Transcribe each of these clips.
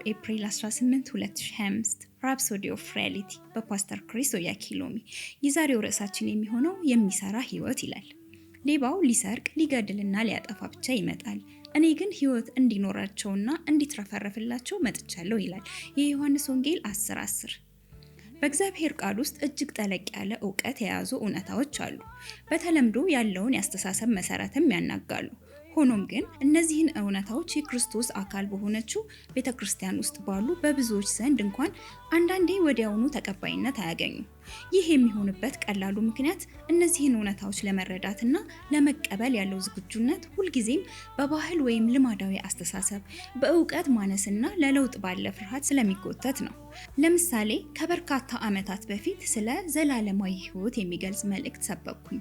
አርብ ኤፕሪል 18 2025 ራፕሶዲ ኦፍ ሪያሊቲ በፓስተር ክሪስ ኦያኪሎሚ። የዛሬው ርዕሳችን የሚሆነው የሚሰራ ህይወት ይላል። ሌባው ሊሰርቅ ሊገድልና ሊያጠፋ ብቻ ይመጣል፣ እኔ ግን ህይወት እንዲኖራቸውና እንዲትረፈረፍላቸው መጥቻለሁ ይላል የዮሐንስ ወንጌል 10 10 በእግዚአብሔር ቃል ውስጥ እጅግ ጠለቅ ያለ እውቀት የያዙ እውነታዎች አሉ። በተለምዶ ያለውን የአስተሳሰብ መሰረትም ያናጋሉ። ሆኖም ግን እነዚህን እውነታዎች የክርስቶስ አካል በሆነችው ቤተ ክርስቲያን ውስጥ ባሉ በብዙዎች ዘንድ እንኳን አንዳንዴ ወዲያውኑ ተቀባይነት አያገኙም። ይህ የሚሆንበት ቀላሉ ምክንያት እነዚህን እውነታዎች እና ለመቀበል ያለው ዝግጁነት ሁልጊዜም በባህል ወይም ልማዳዊ አስተሳሰብ፣ በእውቀት ማነስና ለለውጥ ባለ ፍርሃት ስለሚጎተት ነው። ለምሳሌ ከበርካታ ዓመታት በፊት ስለ ዘላለማዊ ሕይወት የሚገልጽ መልእክት ሰበኩኝ።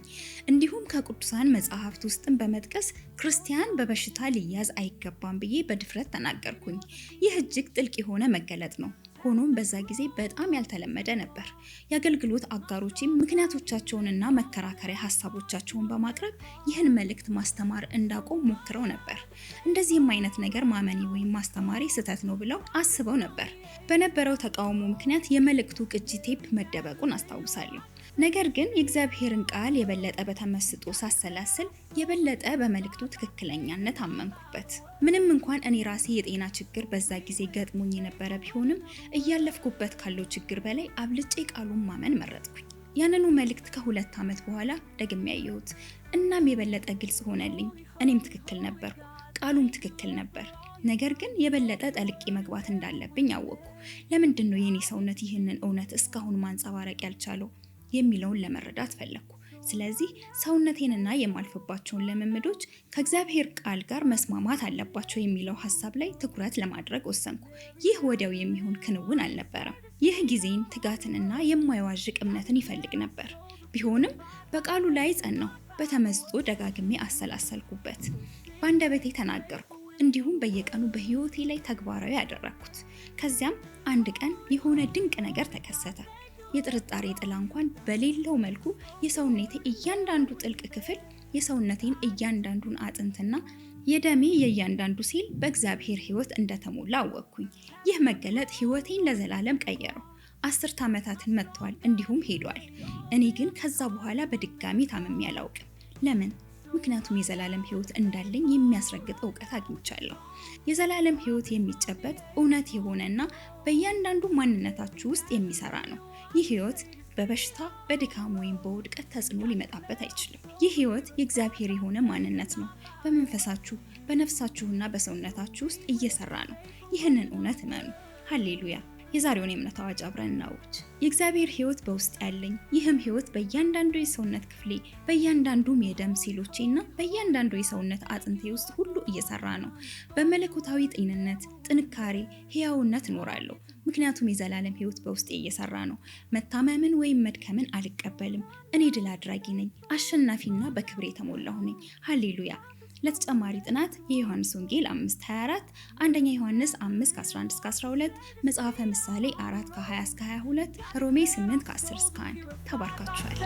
እንዲሁም ከቅዱሳን መጽሐፍት ውስጥን በመጥቀስ ክርስቲያን በበሽታ ሊያዝ አይገባም ብዬ በድፍረት ተናገርኩኝ። ይህ እጅግ ጥልቅ የሆነ መገለጥ ነው። ሆኖም በዛ ጊዜ በጣም ያልተለመደ ነበር። የአገልግሎት አጋሮችም ምክንያቶቻቸውንና መከራከሪያ ሀሳቦቻቸውን በማቅረብ ይህን መልእክት ማስተማር እንዳቆም ሞክረው ነበር። እንደዚህም አይነት ነገር ማመኔ ወይም ማስተማሬ ስህተት ነው ብለው አስበው ነበር። በነበረው ተቃውሞ ምክንያት የመልእክቱ ቅጂ ቴፕ መደበቁን አስታውሳለሁ። ነገር ግን የእግዚአብሔርን ቃል የበለጠ በተመስጦ ሳሰላስል የበለጠ በመልእክቱ ትክክለኛነት አመንኩበት። ምንም እንኳን እኔ ራሴ የጤና ችግር በዛ ጊዜ ገጥሞኝ የነበረ ቢሆንም እያለፍኩበት ካለው ችግር በላይ አብልጬ ቃሉን ማመን መረጥኩኝ። ያንኑ መልእክት ከሁለት ዓመት በኋላ ደግሜ ያየሁት፣ እናም የበለጠ ግልጽ ሆነልኝ። እኔም ትክክል ነበርኩ፣ ቃሉም ትክክል ነበር። ነገር ግን የበለጠ ጠልቄ መግባት እንዳለብኝ አወቅኩ። ለምንድን ነው የኔ ሰውነት ይህንን እውነት እስካሁን ማንጸባረቅ ያልቻለው? የሚለውን ለመረዳት ፈለግኩ። ስለዚህ ሰውነቴንና የማልፍባቸውን ልምምዶች ከእግዚአብሔር ቃል ጋር መስማማት አለባቸው የሚለው ሀሳብ ላይ ትኩረት ለማድረግ ወሰንኩ። ይህ ወዲያው የሚሆን ክንውን አልነበረም። ይህ ጊዜን ትጋትንና የማይዋዥቅ እምነትን ይፈልግ ነበር። ቢሆንም በቃሉ ላይ ጸናሁ። በተመስጦ ደጋግሜ አሰላሰልኩበት፣ በአንደበቴ ተናገርኩ፣ እንዲሁም በየቀኑ በህይወቴ ላይ ተግባራዊ ያደረግኩት። ከዚያም አንድ ቀን የሆነ ድንቅ ነገር ተከሰተ። የጥርጣሬ ጥላ እንኳን በሌለው መልኩ የሰውነቴ እያንዳንዱ ጥልቅ ክፍል የሰውነቴን እያንዳንዱን አጥንትና የደሜ የእያንዳንዱ ሴል በእግዚአብሔር ሕይወት እንደተሞላ አወቅኩኝ። ይህ መገለጥ ሕይወቴን ለዘላለም ቀየረው። አስርት ዓመታትን መጥተዋል እንዲሁም ሄዷል። እኔ ግን ከዛ በኋላ በድጋሚ ታምሜ አላውቅም። ለምን? ምክንያቱም የዘላለም ህይወት እንዳለኝ የሚያስረግጥ እውቀት አግኝቻለሁ። የዘላለም ህይወት የሚጨበጥ እውነት የሆነና በእያንዳንዱ ማንነታችሁ ውስጥ የሚሰራ ነው። ይህ ህይወት በበሽታ በድካም ወይም በውድቀት ተጽዕኖ ሊመጣበት አይችልም። ይህ ህይወት የእግዚአብሔር የሆነ ማንነት ነው። በመንፈሳችሁ በነፍሳችሁና በሰውነታችሁ ውስጥ እየሰራ ነው። ይህንን እውነት እመኑ። ሀሌሉያ የዛሬውን የእምነት አዋጅ አብረን እናውጅ። የእግዚአብሔር ህይወት በውስጥ ያለኝ ይህም ህይወት በእያንዳንዱ የሰውነት ክፍሌ፣ በእያንዳንዱ የደም ሴሎቼ እና በእያንዳንዱ የሰውነት አጥንቴ ውስጥ ሁሉ እየሰራ ነው። በመለኮታዊ ጤንነት፣ ጥንካሬ፣ ሕያውነት እኖራለሁ። ምክንያቱም የዘላለም ህይወት በውስጤ እየሰራ ነው። መታመምን ወይም መድከምን አልቀበልም። እኔ ድል አድራጊ ነኝ፣ አሸናፊና በክብር የተሞላሁ ነኝ። ሃሌሉያ ለተጨማሪ ጥናት የዮሐንስ ወንጌል 5:24፣ አንደኛ ዮሐንስ 5:11-12፣ መጽሐፈ ምሳሌ 4:20-22፣ ሮሜ 8:10-1። ተባርካችኋል።